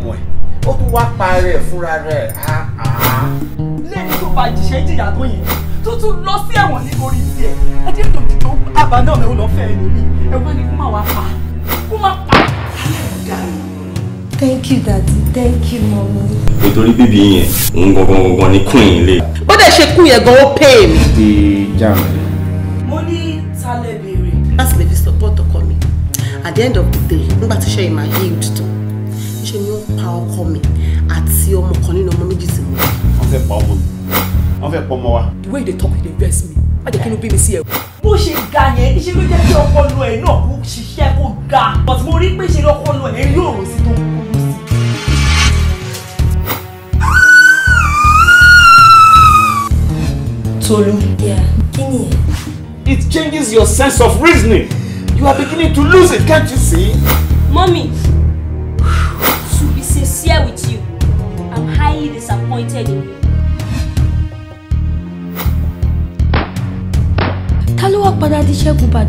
ọmọ ẹ̀ ó tún wá pa fúnra rẹ̀ lẹ́yìn tó bá jìṣẹ́ jìyà tó yẹn tó lọ sí ẹ̀wọ̀n nítorí tiẹ̀ ẹjẹ́ tó ti tó àbá náà lẹ́wọ̀n lọ fẹ́ ẹni mi ẹ̀wọ̀n ni kó má wá pa kó má pa thank you daddy thank you mommy. nítorí bíbí yẹn òun gangan gangan ni queen lè. bó dẹ̀ ṣe kú yẹn gan ó pè mí. ti jam. mo ní talẹ̀ béèrè. láti lè fi support ọkọ mi at the end of the day nígbà tíṣẹ́ yìí máa yield to ṣe ni ó pa ọkọ mi àti ọmọ kan nínú ọmọ méjì sí mi. wọ́n fẹ́ pa ọmọ mi wọ́n fẹ́ ọmọ wa. the way they talk dey vex me má jẹ́ kí inú bí mi sí ẹ̀. bó ṣe ga yẹn iṣẹ́ ló jẹ́ kí ọpọlọ ẹ̀ náà kó ṣiṣẹ́ kó ga but mo rí pé ṣe lọ́pọlọ ẹ̀ yóò rò sí tó Tolu. Yeah. Kini. It changes your sense of reasoning. You are beginning to lose it, can't you see? Mommy, disappointed in you. ta ló wá padà di Ṣẹ́gun